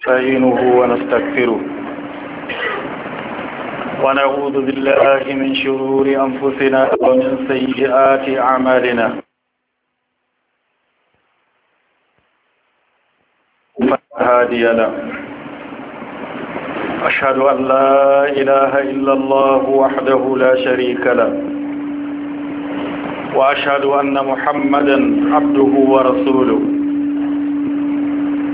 نستعينه ونستغفره ونعوذ بالله من شرور أنفسنا ومن سيئات أعمالنا هادي له أشهد أن لا إله إلا الله وحده لا شريك له وأشهد أن محمدا عبده ورسوله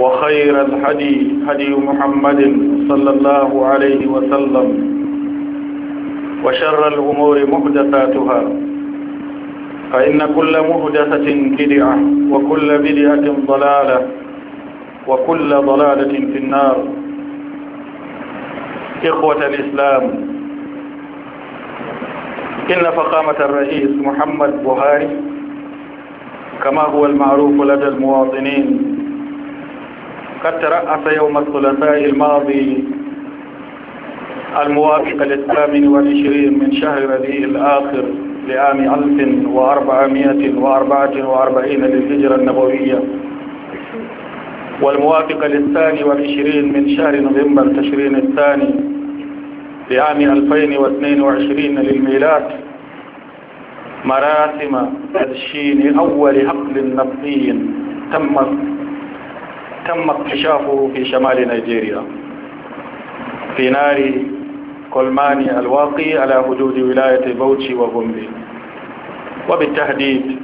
وخير الهدي هدي محمد صلى الله عليه وسلم وشر الأمور محدثاتها فإن كل محدثة بدعة وكل بدعة ضلالة وكل ضلالة في النار إخوة الإسلام إن فقامة الرئيس محمد بوهاري كما هو المعروف لدى المواطنين قد ترأس يوم الثلاثاء الماضي الموافق للثامن والعشرين من شهر ربيع الآخر لعام 1444 للهجرة النبوية والموافق للثاني والعشرين من شهر نوفمبر تشرين الثاني لعام 2022 للميلاد مراسم تدشين أول حقل نفطي تمت تم اكتشافه في شمال نيجيريا في نار كولماني الواقي على حدود ولاية بوتشي وغومبي وبالتحديد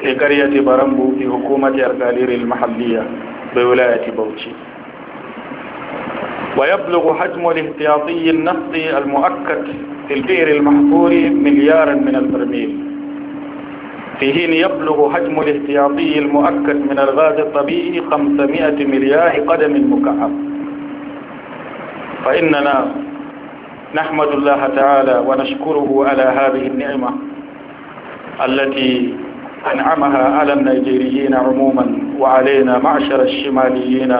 في قرية بارامبو في حكومة القالير المحلية بولاية بوتشي ويبلغ حجم الاحتياطي النفطي المؤكد في البئر المحفور مليارا من البرميل في حين يبلغ حجم الاحتياطي المؤكد من الغاز الطبيعي 500 مليار قدم مكعب فإننا نحمد الله تعالى ونشكره على هذه النعمة التي أنعمها على النيجيريين عموما وعلينا معشر الشماليين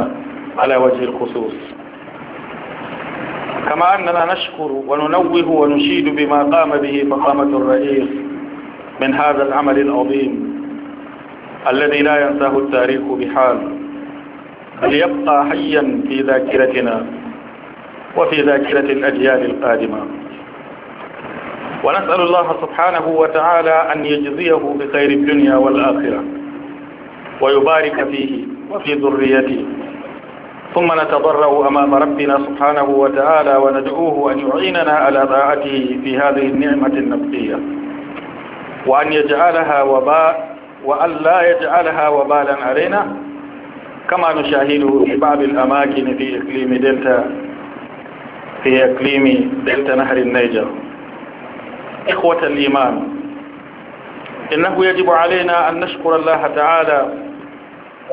على وجه الخصوص كما أننا نشكر وننوه ونشيد بما قام به فخامة الرئيس من هذا العمل العظيم الذي لا ينساه التاريخ بحال بل يبقى حيا في ذاكرتنا وفي ذاكرة الأجيال القادمة ونسأل الله سبحانه وتعالى أن يجزيه بخير الدنيا والآخرة ويبارك فيه وفي ذريته ثم نتضرع أمام ربنا سبحانه وتعالى وندعوه أن يعيننا على طاعته في هذه النعمة النفسية وأن يجعلها وباء وأن لا يجعلها وبالا علينا كما نشاهده في بعض الأماكن في إقليم دلتا في إقليم دلتا نهر النيجر إخوة الإيمان إنه يجب علينا أن نشكر الله تعالى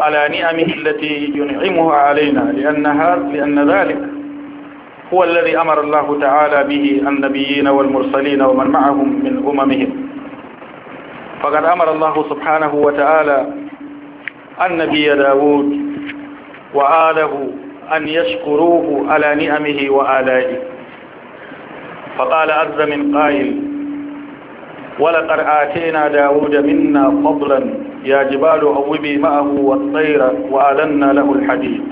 على نعمه التي ينعمها علينا لأنها لأن ذلك هو الذي أمر الله تعالى به النبيين والمرسلين ومن معهم من أممهم فقد أمر الله سبحانه وتعالى النبي داود وآله أن يشكروه على نعمه وآلائه فقال عز من قائل ولقد آتينا داود منا فضلا يا جبال أوبي معه والطير وألنا له الحديد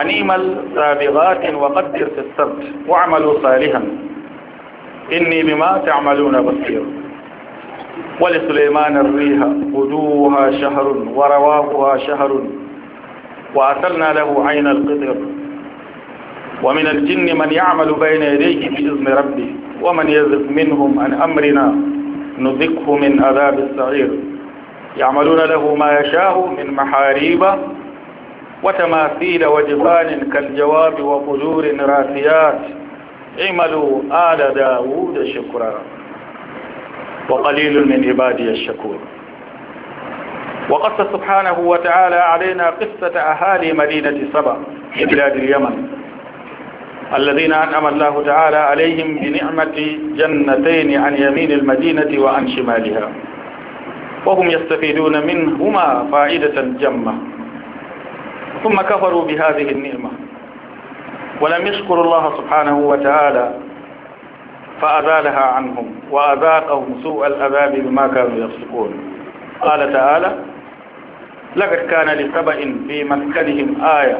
أنيم السابغات وقدر في السبت واعملوا صالحا إني بما تعملون بصير ولسليمان الريح غدوها شهر ورواقها شهر وأرسلنا له عين القطر ومن الجن من يعمل بين يديه بإذن ربه ومن يزف منهم عن أمرنا نذقه من عذاب السعير يعملون له ما يشاء من محاريب وتماثيل وجبان كالجواب وقدور راسيات اعملوا آل داود شكرا وقليل من عبادي الشكور وقص سبحانه وتعالى علينا قصة أهالي مدينة سبا في بلاد اليمن الذين أنعم الله تعالى عليهم بنعمة جنتين عن يمين المدينة وعن شمالها وهم يستفيدون منهما فائدة جمة ثم كفروا بهذه النعمة ولم يشكروا الله سبحانه وتعالى فأزالها عنهم وأذاقهم سوء الأذاب بما كانوا يفسقون قال تعالى لقد كان لسبأ في مسكنهم آية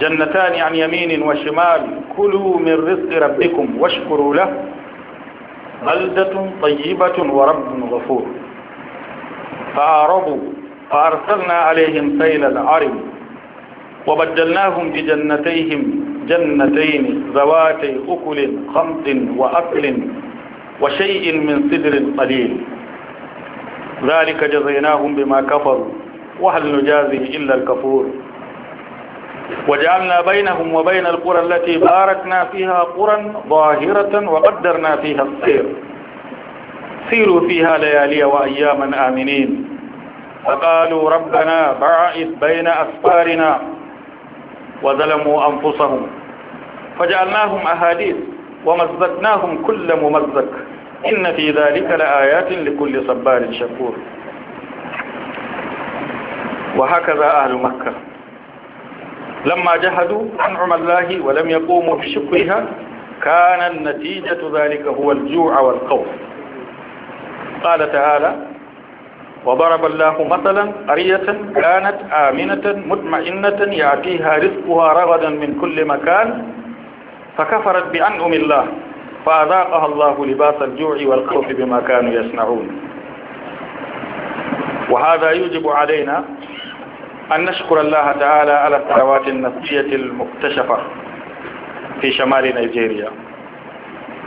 جنتان عن يمين وشمال كلوا من رزق ربكم واشكروا له بلدة طيبة ورب غفور فأعرضوا فأرسلنا عليهم سيل العرم وبدلناهم بجنتيهم جنتين ذواتي أكل خمط وأكل وشيء من صدر قليل ذلك جزيناهم بما كفروا وهل نجازي إلا الكفور وجعلنا بينهم وبين القرى التي باركنا فيها قرى ظاهرة وقدرنا فيها السير سيروا فيها ليالي وأياما آمنين فقالوا ربنا باعث بين أسفارنا وظلموا أنفسهم فجعلناهم أهاديث ومزقناهم كل ممزق إن في ذلك لآيات لكل صبار شكور وهكذا أهل مكة لما جهدوا أنعم الله ولم يقوموا بشكرها كان النتيجة ذلك هو الجوع والخوف قال تعالى وضرب الله مثلا قرية كانت آمنة مطمئنة يأتيها رزقها رغدا من كل مكان فكفرت أم الله فأذاقها الله لباس الجوع والخوف بما كانوا يصنعون وهذا يجب علينا أن نشكر الله تعالى على الثروات النفسية المكتشفة في شمال نيجيريا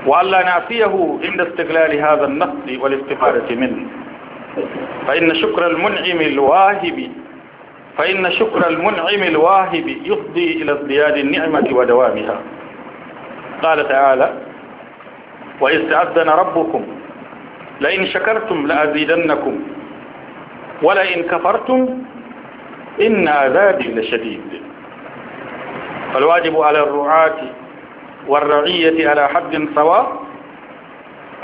وألا نعفيه عند استغلال هذا النفس والاستفادة منه فإن شكر المنعم الواهب فإن شكر المنعم الواهب يفضي إلى ازدياد النعمة ودوامها قال تعالى وإذ تأذن ربكم لئن شكرتم لأزيدنكم ولئن كفرتم إن عذابي لشديد فالواجب على الرعاة والرعية على حد سواء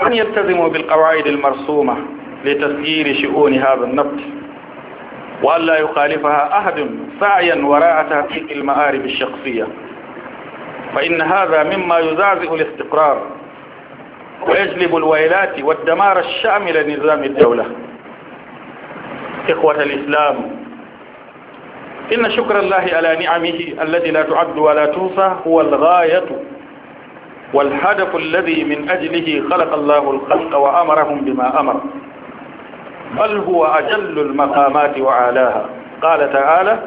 أن يلتزموا بالقواعد المرسومة لتسيير شؤون هذا النبت وأن لا يخالفها أحد سعيا وراء تحقيق المآرب الشخصية فإن هذا مما يزعزع الاستقرار ويجلب الويلات والدمار الشامل لنظام الدولة إخوة الإسلام إن شكر الله على نعمه التي لا تعد ولا توصى هو الغاية والهدف الذي من أجله خلق الله الخلق وأمرهم بما أمر بل هو أجل المقامات وعلاها قال تعالى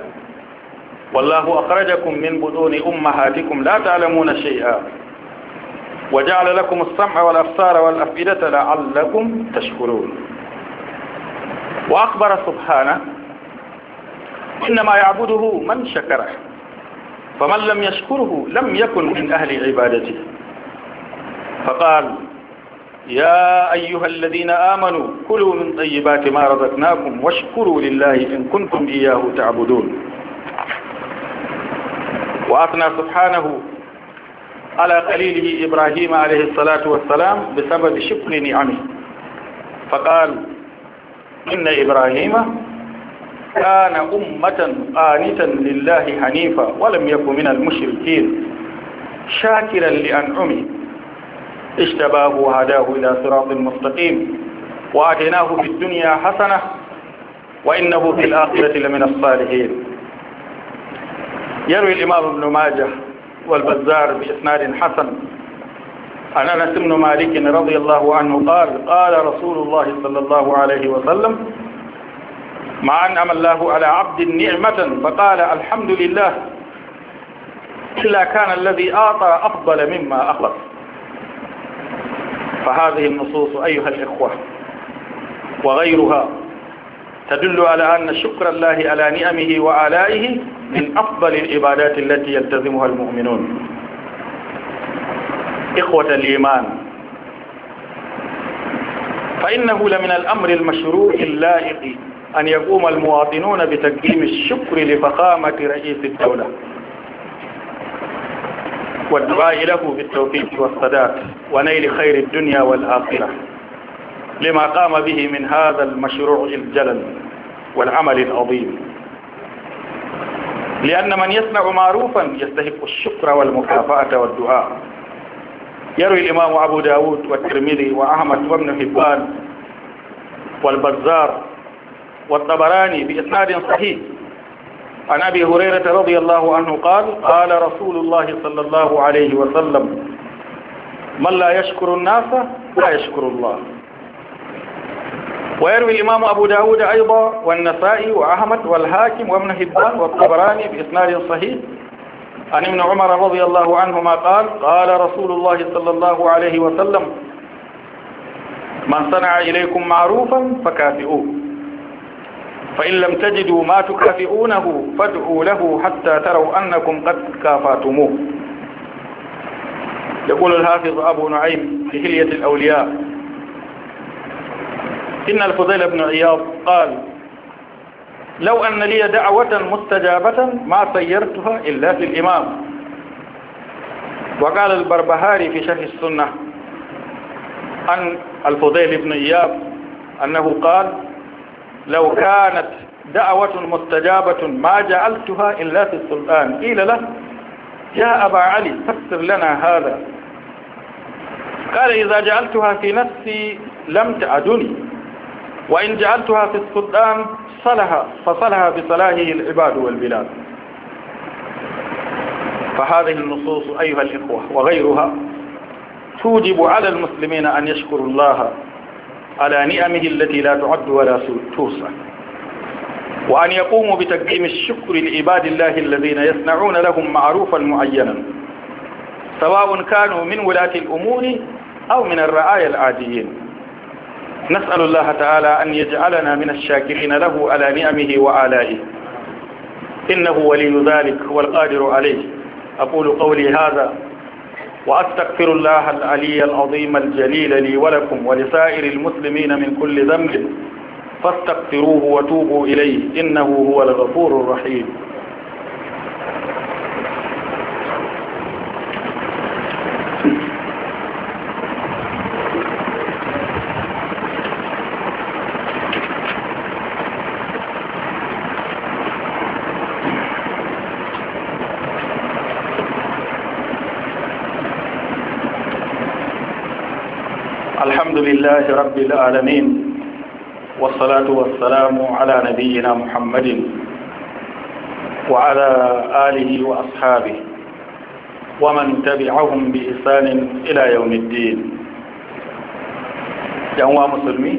والله أخرجكم من بطون أمهاتكم لا تعلمون شيئا وجعل لكم السمع والأبصار والأفئدة لعلكم تشكرون وأخبر سبحانه إنما يعبده من شكره فمن لم يشكره لم يكن من أهل عبادته فقال يا أيها الذين آمنوا كلوا من طيبات ما رزقناكم واشكروا لله إن كنتم إياه تعبدون وأثنى سبحانه على خليله إبراهيم عليه الصلاة والسلام بسبب شكر نعمه فقال إن إبراهيم كان أمة قانتا لله حنيفا ولم يكن من المشركين شاكرا لأنعمه اجتباه وهداه إلى صراط مستقيم وآتيناه في الدنيا حسنة وإنه في الآخرة لمن الصالحين يروي الإمام ابن ماجه والبزار بإسناد حسن عن أنس بن مالك رضي الله عنه قال قال رسول الله صلى الله عليه وسلم ما أنعم الله على عبد نعمة فقال الحمد لله إلا كان الذي أعطى أفضل مما أخلص فهذه النصوص أيها الإخوة وغيرها تدل على أن شكر الله على نعمه وآلائه من أفضل العبادات التي يلتزمها المؤمنون إخوة الإيمان فإنه لمن الأمر المشروع اللائق أن يقوم المواطنون بتقديم الشكر لفخامة رئيس الدولة والدعاء له بالتوفيق والصداق ونيل خير الدنيا والآخرة لما قام به من هذا المشروع الجلل والعمل العظيم لأن من يصنع معروفا يستحق الشكر والمكافأة والدعاء يروي الإمام أبو داود والترمذي وأحمد وابن حبان والبزار والطبراني بإسناد صحيح عن أبي هريرة رضي الله عنه قال قال رسول الله صلى الله عليه وسلم من لا يشكر الناس لا يشكر الله ويروي الإمام أبو داود أيضا والنسائي وأحمد والحاكم وابن حبان والطبراني بإسناد صحيح عن ابن عمر رضي الله عنهما قال قال رسول الله صلى الله عليه وسلم من صنع إليكم معروفا فكافئوه فإن لم تجدوا ما تكافئونه فادعوا له حتى تروا أنكم قد كافاتموه يقول الحافظ أبو نعيم في حلية الأولياء إن الفضيل بن عياض قال لو أن لي دعوة مستجابة ما سيرتها إلا في الإمام وقال البربهاري في شرح السنة عن الفضيل بن إياب أنه قال لو كانت دعوة مستجابة ما جعلتها إلا في السلطان قيل له يا أبا علي فسر لنا هذا قال إذا جعلتها في نفسي لم تعدني وإن جعلتها في الصدام صلها فصلها بصلاحه العباد والبلاد فهذه النصوص أيها الإخوة وغيرها توجب على المسلمين أن يشكروا الله على نعمه التي لا تعد ولا توصى وأن يقوموا بتقديم الشكر لعباد الله الذين يصنعون لهم معروفا معينا سواء كانوا من ولاة الأمور أو من الرعايا العاديين نسأل الله تعالى أن يجعلنا من الشاكرين له على نعمه وآلائه إنه ولي ذلك والقادر عليه أقول قولي هذا وأستغفر الله العلي العظيم الجليل لي ولكم ولسائر المسلمين من كل ذنب فاستغفروه وتوبوا إليه إنه هو الغفور الرحيم الحمد لله رب العالمين والصلاة والسلام على نبينا محمد وعلى آله وأصحابه ومن تبعهم بإحسان إلى يوم الدين جنوى مسلمي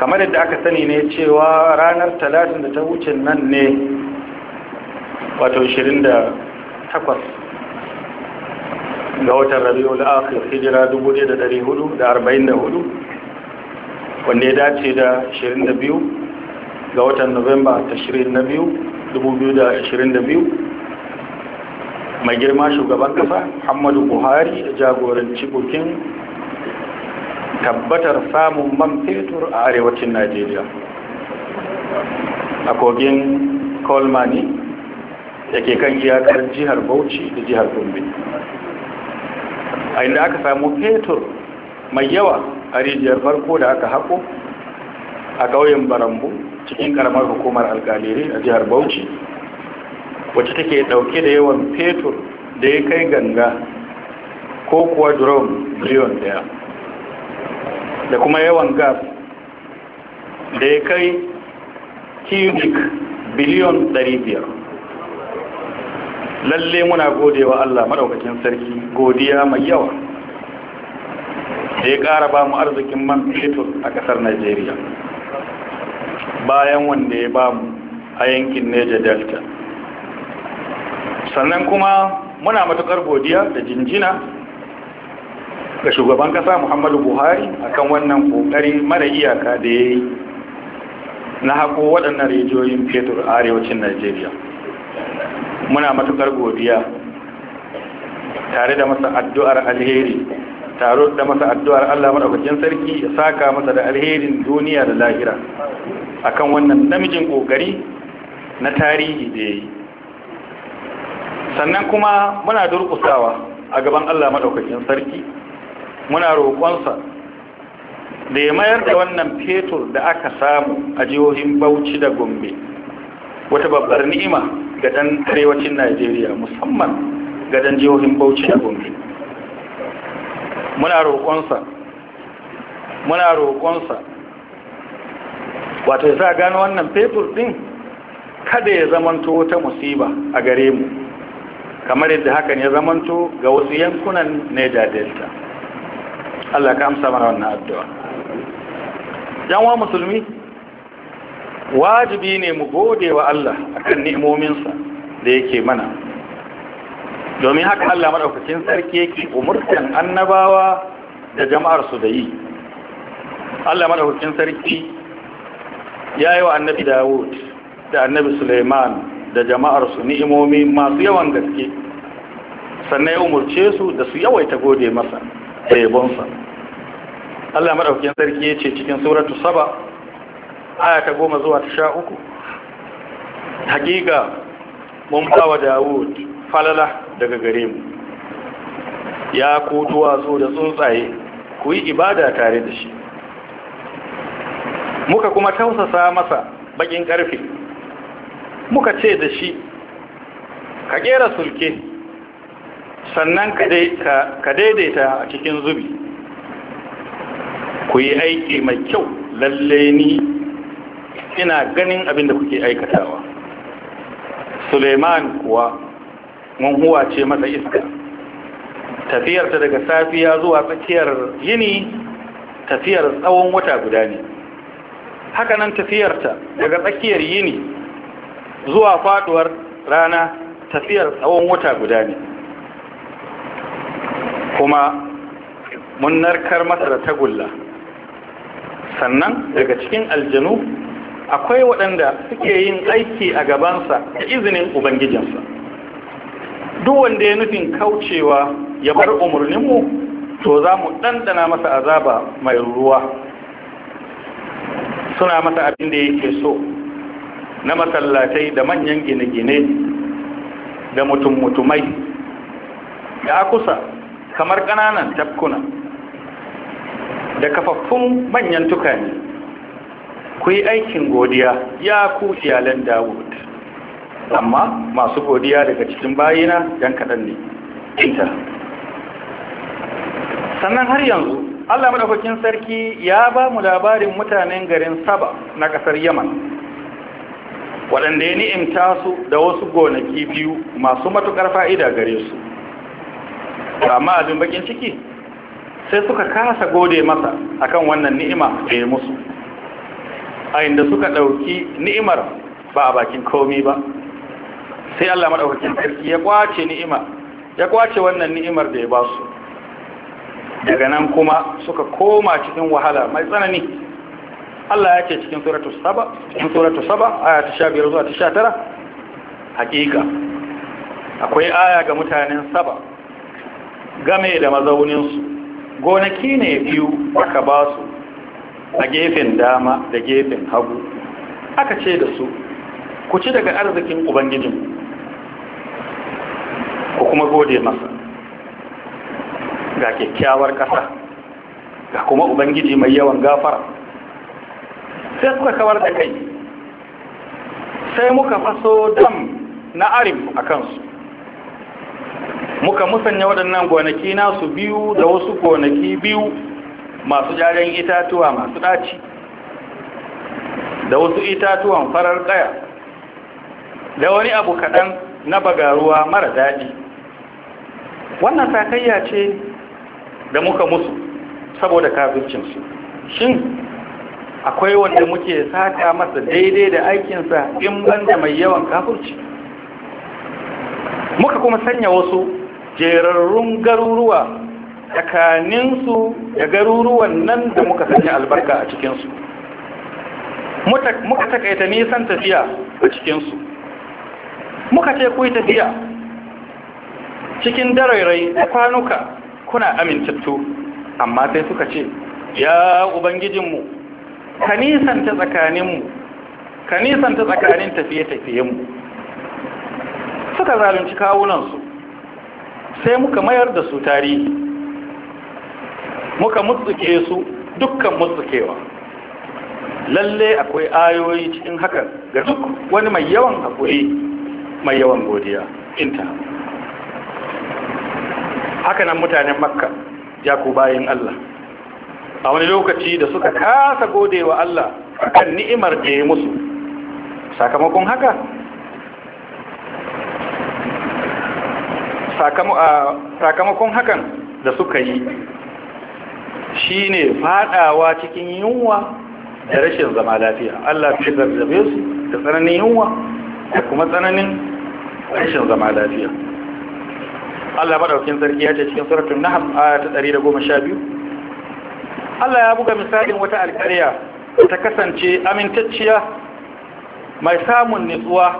كما yadda aka sani ne cewa ranar talatin da ta ga watan rabi'ul akhir hijira 1444 wanda ya dace da 22 ga watan novemba ta 22 2022 mai girma shugaban kasa muhammadu buhari da jagoranci bukin tabbatar samun man fetur a arewacin najeriya a kogin kolmani da ke kan iyakar jihar bauchi da jihar gombe a inda aka samu fetur mai yawa a rijiyar farko da aka haƙo a ƙauyen barambu cikin ƙaramar hukumar alƙalire a jihar bauchi wacce take ɗauke da yawan fetur da ya kai ganga ko kuwa drone biliyon daya da kuma yawan gas da ya kai cubic biliyon 500 lalle muna godewa Allah maɗaukacin sarki godiya mai yawa da ya ƙara ba mu arzikin man fetur a ƙasar najeriya bayan wanda ya ba mu a yankin neja delta sannan kuma muna matuƙar godiya da jinjina ga shugaban ƙasa muhammadu buhari akan wannan ƙoƙari mara iyaka da ya yi na haƙo waɗannan rijiyoyin fetur a arewacin najeriya muna matuƙar godiya tare da masa addu'ar alheri taro da masa addu'ar Allah madaukakin sarki ya saka masa da alherin duniya da lahira akan wannan namijin kokari na tarihi da yayi sannan kuma muna durƙusawa a gaban Allah madaukakin sarki muna roƙonsa da ya mayar da wannan fetur da aka samu a jihohin Bauchi da Gombe wata babbar ni'ima ga ɗan arewacin Najeriya musamman gadon jihohin bauchi da gombe muna roƙonsa muna roƙonsa wato za gano wannan paper din? kada ya zamanto wata musiba a gare mu kamar yadda hakan ya zamanto ga wasu yankunan neja Delta Allah ka amsa mana wannan addu'a yanwa musulmi wajibi ne mu gode wa Allah akan ni'imominsa da yake mana domin haka Allah madaukakin sarki yake umurtan annabawa da jama'ar su da yi Allah madaukakin sarki ya yi wa annabi Dawud da annabi Suleiman da jama'ar su ni'imomi masu yawan gaske sannan ya umurce su da su yawaita gode masa da yabonsa Allah madaukakin sarki ya ce cikin suratu saba aya ta goma zuwa ta sha uku hakika mun bawa Dawud falala daga gare mu ya ku duwatsu da tsuntsaye ku yi ibada tare da shi muka kuma tausasa masa bakin karfe muka ce da shi ka kera sulke sannan ka daidaita a cikin zubi ku yi aiki mai kyau lalle ni ina ganin abin da kuke aikatawa suleiman kuwa mun huwa ce masa iska tafiyarta daga safiya zuwa tsakiyar yini tafiyar tsawon wata guda ne hakanan tafiyarta daga tsakiyar yini zuwa faduwar rana tafiyar tsawon wata guda ne kuma mun narkar masa da tagulla sannan daga cikin aljanu akwai waɗanda suke yin aiki a gabansa da izinin ubangijinsa duk wanda ya nufin kaucewa ya bar umarninmu to za mu ɗanɗana masa azaba mai ruwa suna masa abin da yake so na masallatai da manyan gine-gine da mutum-mutumai ya kusa kamar ƙananan tafkuna da kafaffun manyan tukane ku yi aikin godiya ya ku iyalan dawo amma masu godiya daga cikin bayina yan kaɗan ne inta sannan har yanzu allah madaukakin sarki ya ba mu labarin mutanen garin saba na ƙasar yaman waɗanda ya ni'imta su da wasu gonaki biyu masu matuƙar fa'ida gare su amma abin bakin ciki sai suka kasa gode masa akan wannan ni'ima da ya musu a inda suka ɗauki ni'imar ba a bakin komi ba sai Allah madaukakin sarki ya kwace ni'ima ya kwace wannan ni'imar da ya ba su daga nan kuma suka koma cikin wahala mai tsanani Allah ya ce cikin suratu saba cikin aya ta sha biyar zuwa ta sha tara hakika akwai aya ga mutanen saba game da mazauninsu gonaki ne biyu aka ba su a gefen dama da gefen hagu aka ce da su ku ci daga arzikin ubangijin ku kuma gode masa ga kyakkyawar ƙasa ga kuma ubangiji mai yawan gafara sai suka kawar da kai sai muka faso dam na arif a kansu muka musanya waɗannan gonaki nasu biyu da wasu gonaki biyu masu jaren itatuwa masu ɗaci da wasu itatuwan farar ƙaya da wani abu kaɗan na bagaruwa mara daɗi wannan sakayya ce da muka musu saboda kafircinsu shin akwai wanda muke saka masa daidai da aikinsa in banda mai yawan kafirci muka kuma sanya wasu jerarrun garuruwa tsakaninsu da garuruwan nan da muka sanya albarka a cikinsu muka takaita nisan tafiya a cikinsu muka ce ku yi tafiya cikin darairai a kwanuka kuna amintattu amma sai suka ce ya ubangijinmu ka nisanta tsakaninmu ka nisanta tsakanin tafiye-tafiyenmu suka zalunci kawunansu sai muka mayar da su tarihi muka mutsuke su dukkan mutsukewa lalle akwai ayoyi cikin hakan ga duk wani mai yawan haƙuri mai yawan godiya inta haka nan mutanen makka ya ku bayan Allah a wani lokaci da suka kasa gode wa Allah kan ni'imar da ya musu sakamakon haka sakamakon hakan da suka yi shi ne fadawa cikin yunwa da rashin zama lafiya Allah fi zarzabe su da tsananin yunwa da kuma tsananin rashin zama lafiya Allah madaukin sarki ya ce cikin suratul nahl aya ta 112 Allah ya buga misalin wata alƙarya ta kasance amintacciya mai samun nutsuwa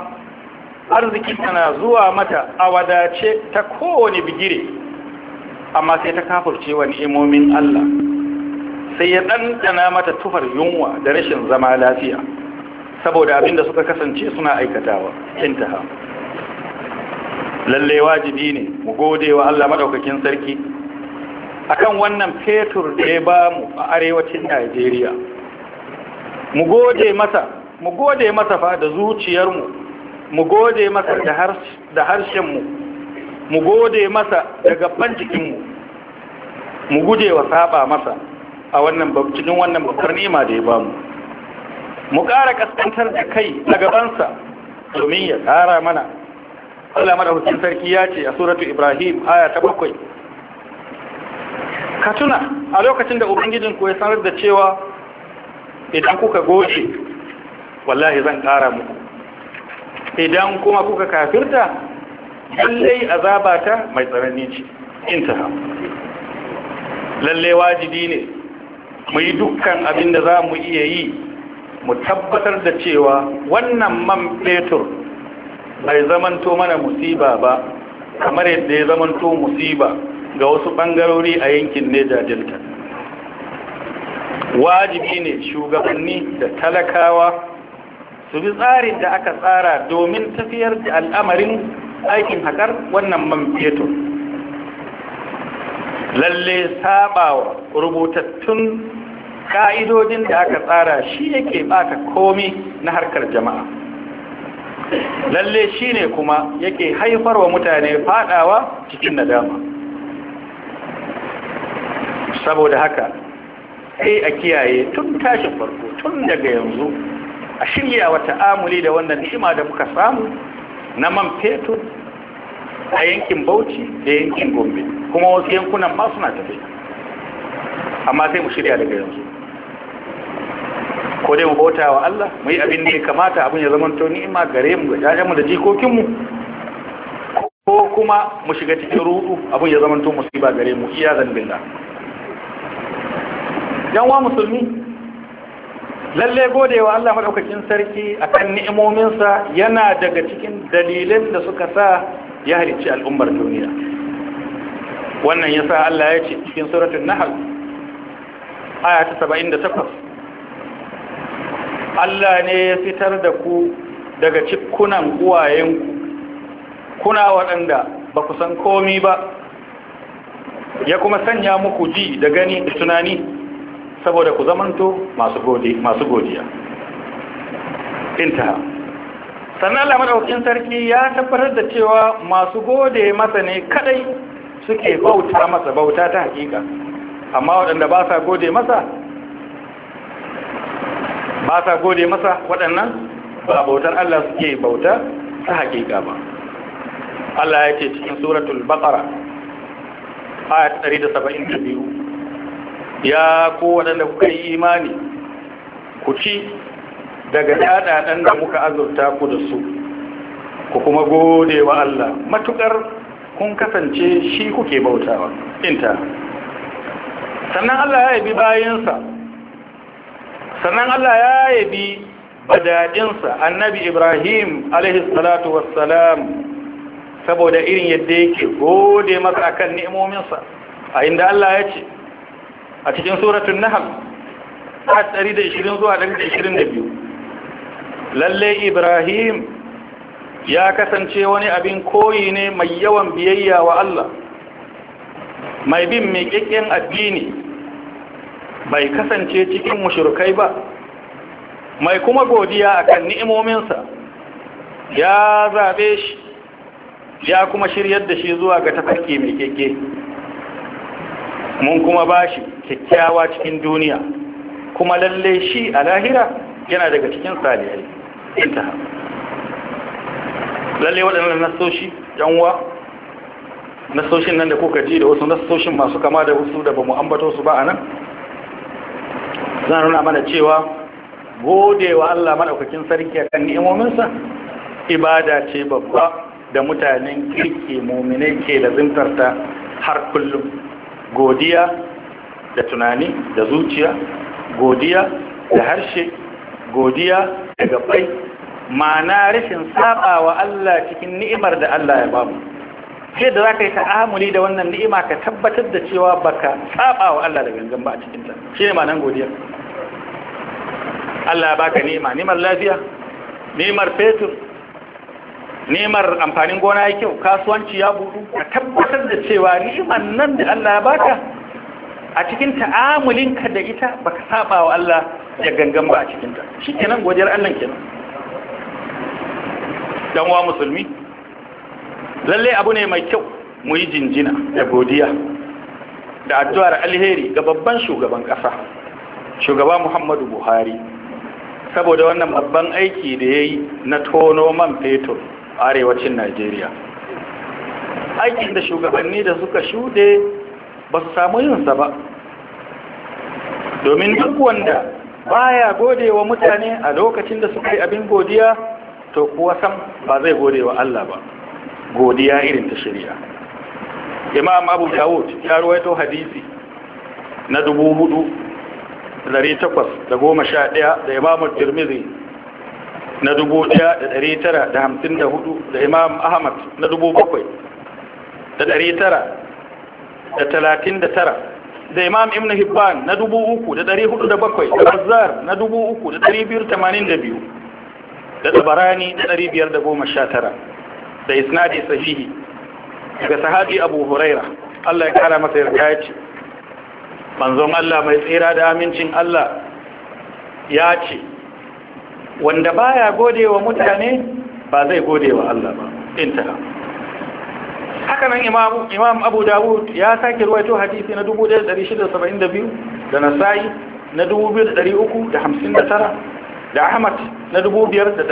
arziki tana zuwa mata a wadace ta kowane bigire amma sai ta kafurce wa ni'imomin Allah sai ya ɗanɗana mata tufar yunwa da rashin zama lafiya saboda abinda suka kasance suna aikatawa intaha lalle wajibi ne mu gode wa Allah madaukakin sarki akan wannan fetur da ya ba mu a arewacin Najeriya mu gode masa mu gode masa fa da zuciyarmu mu gode masa da harshen mu mu gode masa da gaban jikinmu mu guje wa saba masa a wannan cikin wannan babbar nima da ya ba mu mu ƙara kaskantar da kai a gabansa domin ya tsara mana Allah madaukakin sarki ya ce a suratu Ibrahim aya ta bakwai ka tuna a lokacin da ubangijin ku ya sanar da cewa idan kuka goce wallahi zan ƙara muku idan kuma kuka kafirta lallai azabata mai tsanani ce intaha lallai wajibi ne mu yi dukkan abin da za mu iya yi mu tabbatar da cewa wannan man fetur bai zamanto mana musiba ba kamar yadda ya zamanto musiba ga wasu bangarori a yankin neja delta wajibi ne shugabanni da talakawa su bi tsarin da aka tsara domin tafiyar da al'amarin aikin haƙar wannan man fetur lalle sabawa rubutattun ka'idodin da aka tsara shi yake baka komi na harkar jama'a lalle shi ne kuma yake haifarwa mutane fadawa cikin nadama saboda haka sai a kiyaye tun tashin farko tun daga yanzu a shirya wa ta'amuli da wannan ni'ima da muka samu na man fetur a yankin Bauchi da yankin Gombe kuma wasu yankunan masu suna tafiya amma sai mu shirya daga yanzu ko dai mu bauta wa Allah mu yi abin da ya kamata abin ya zama to ni'ima gare mu ga jajen mu da jikokin mu ko kuma mu shiga cikin rudu abin ya zama to musiba gare mu iya billa yan wa musulmi lalle wa Allah madaukakin sarki akan ni'imominsa yana daga cikin dalilan da suka sa ya halicci al'ummar duniya wannan yasa Allah ya ce cikin suratul nahl aya ta 78 Allah ne ya fitar da ku daga cikkunan uwayenku kuna waɗanda ba ku san komi ba ya kuma sanya muku ji da gani da tunani saboda ku zamanto masu godiya intaha sannan Allah maɗaukin sarki ya tabbatar da cewa masu gode masa ne kadai suke bauta masa bauta ta hakika amma waɗanda ba sa gode masa fata gode masa waɗannan ba bautar Allah suke bauta ta haƙiƙa ba Allah ya ce cikin suratul baqara aya 172 ya ko waɗanda kuka yi imani ku ci daga ɗaɗaɗen da muka azurta ku da su ku kuma gode wa Allah matukar kun kasance shi kuke bautawa inta sannan Allah ya bi bayansa sannan Allah ya yabi badadinsa annabi Ibrahim alaihi salatu wassalam saboda irin yadda yake gode masa a kan ni'imominsa a inda Allah ya ce a cikin suratun nahl da 120 zuwa 122 lalle Ibrahim ya kasance wani abin koyi ne mai yawan biyayya wa Allah mai bin mai miƙaƙƙen addini bai kasance cikin mushrikai ba mai kuma godiya akan ni'imominsa ya zabe shi ya kuma shiryar da shi zuwa ga tafarki mai keke mun kuma bashi kyakkyawa cikin duniya kuma lalle shi a lahira yana daga cikin salihai intaha lalle waɗannan nasoshi yanwa nasoshin nan da kuka ji da wasu nasoshin masu kama da wasu da ba mu ambato su ba a nan zan nuna mana cewa godewa Allah maɗaukakin sarki akan ni'imominsa ibada ce babba da mutanen kirki mominai ke da zimtarta har kullum godiya da tunani da zuciya godiya da harshe godiya da gabai ma'ana rashin sabawa Allah cikin ni'imar da Allah ya babu. sai da za ka yi ta'amuli da wannan ni'ima ka tabbatar da cewa baka sabawa Allah da gangan ba a cikin ta ma nan godiya Allah ya baka nima nimar lafiya nimar fetur nimar amfanin gona ya kyau kasuwanci ya budu ka tabbatar da cewa niman nan da Allah ya baka a cikin ta'amulinka da ita baka saba wa Allah ya gangan ba a cikin ta shikenan godiyar Allah kenan dan wa musulmi lalle abu ne mai kyau mu yi jinjina da godiya da addu'ar alheri ga babban shugaban kasa shugaba Muhammadu Buhari saboda wannan babban aiki da ya yi na tono man fetur arewacin najeriya aikin da shugabanni da suka shuɗe ba su samu yinsa ba domin duk wanda baya gode wa mutane a lokacin da suka yi abin godiya to kuwa sam ba zai gode wa Allah ba godiya irin ta shirya imam abu dawud ya ruwaito hadisi na dubu hudu 1811 da imamu tirmidhi na 1954 da imam ahmad na 7939 da imam ibn hibban na 3407 da bazzar na 3282 da tabarani na 519 da isnadi sahihi daga sahabi abu huraira Allah ya kara masa yarda ya ce manzon Allah mai tsira da amincin Allah ya ce wanda baya godewa mutane ba zai godewa Allah ba inta haka nan imam imam Abu Dawud ya sake ruwaito hadisi na 1672 da Nasa'i na 2359 da Ahmad na 2300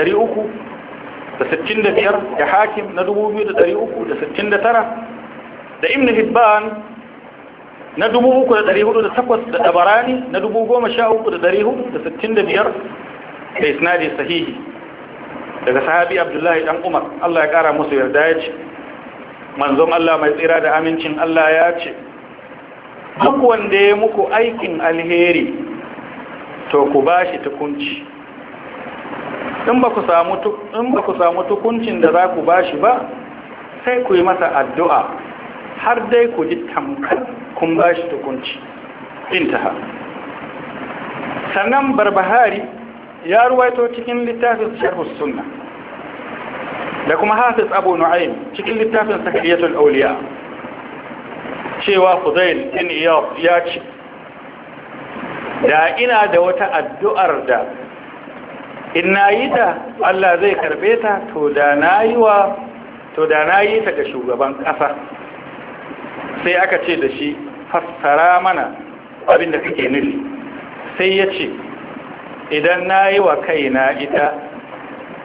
da 65 da Hakim na 2369 da Ibn Hibban na 3,408 da tabarani na 13,465 da isnadi sahihi daga sahabi abdullahi dan umar Allah ya kara musu yarda ya ce manzon Allah mai tsira da amincin Allah ya ce duk wanda ya muku aikin alheri to ku ba shi tukunci in ba ku samu tukuncin da za ku ba shi ba sai ku yi masa addu'a har dai ku ji tamkar kun ba shi tukunci intaha sannan barbahari ya ruwaito cikin littafin sharhus sunna da kuma hafiz abu nu'aym cikin littafin sakiyatul auliya cewa fudail in ya ce da ina da wata addu'ar da in nayi ta Allah zai karbe ta to da na wa to da na ta ga shugaban ƙasa sai aka ce da shi fassara mana abin da kake nufi sai ya ce idan na yi wa kaina ita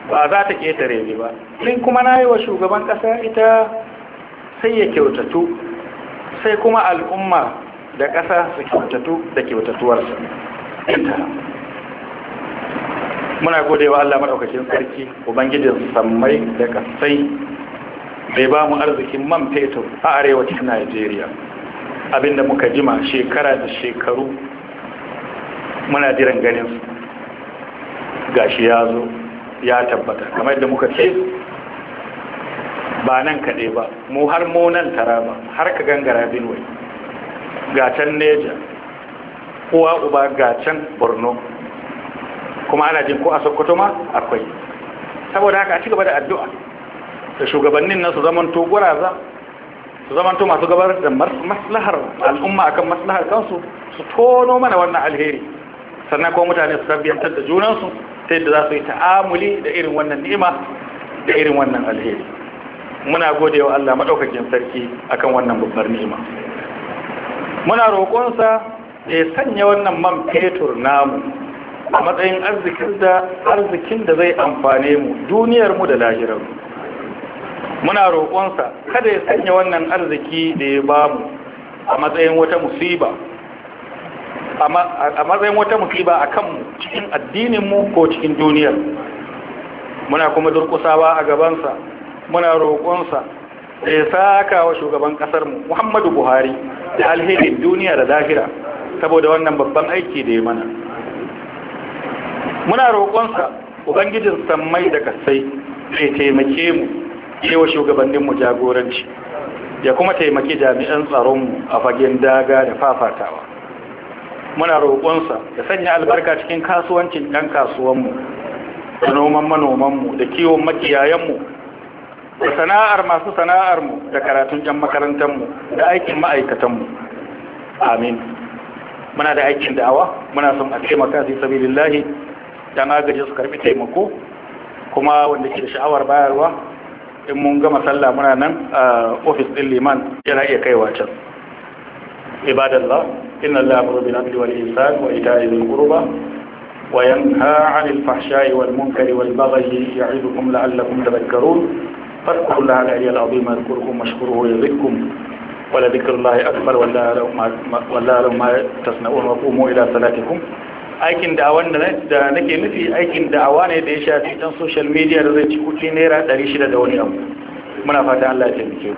ba za ta ƙetare ni ba in kuma na yi wa shugaban ƙasa ita sai ya kyautatu sai kuma al'umma da ƙasa su kyautatu da kyautatuwarsa muna gode wa Allah maɗaukacin sarki ubangijin sammai da ƙasai bai ba mu arzikin man fetur a arewacin najeriya abinda muka jima shekara da shekaru muna jiran ganin su gashi ya zo ya tabbata kamar yadda muka ce ba nan kaɗai ba mu har mu nan taraba har ka gangara benue gacen neja uwa uba gacen borno kuma ana jin ko a sokoto ma akwai saboda haka a cigaba da addu'a da shugabannin nasu zaman to guraza su zamanto masu gabar da maslahar al'umma akan maslahar kansu su tono mana wannan alheri sannan kuma mutane su tabbiyantar da junansu ta yadda za su yi ta'amuli da irin wannan ni'ima da irin wannan alheri muna gode wa Allah maɗaukakin sarki akan wannan babbar ni'ima muna roƙonsa ya sanya wannan man fetur namu a matsayin arzikin da zai amfane mu duniyarmu da lahirar mu muna roƙonsa kada ya sanya wannan arziki da ya bamu a matsayin wata musiba a matsayin wata musiba a kanmu cikin addininmu ko cikin duniyar muna kuma durkusawa a gabansa muna roƙonsa da ya saka wa shugaban ƙasarmu muhammadu buhari da alherin duniya da zahira saboda wannan babban aiki da ya mana muna roƙonsa ubangijin sammai da kasai zai taimake mu wa shugabanninmu jagoranci ya kuma taimaki jami'an tsaronmu a fagen daga da fafatawa muna roƙonsa da sanya albarka cikin kasuwancin ɗan kasuwanmu da noman manomanmu da kiwon makiyayenmu da sana'ar masu sana'armu da karatun ƴan makarantarmu da aikin ma'aikatanmu amin muna da aikin da'awa muna son a taimaka sai sabilillahi dan agaji su karɓi taimako kuma wanda ke da sha'awar bayarwa in mun gama sallah muna nan a ofis ɗin liman yana iya kaiwa can ibadallah inna allaha amara bil adli wal ihsan wa ita'i dhil qurba wa yanha 'anil fahsha'i wal munkari wal baghi ya'idukum la'allakum tadhakkarun fadhkuru allaha al-'aliyya al-'azim yadhkurkum washkuruhu yadhkurkum ولذكر الله أكبر ولا لهم ما تصنعون وقوموا إلى صلاتكم aikin da'awa da nake nufi aikin da'awa ne da ya shafi dan social media da zai ci kuɗi naira 600 da wani abu muna fata Allah ya taimake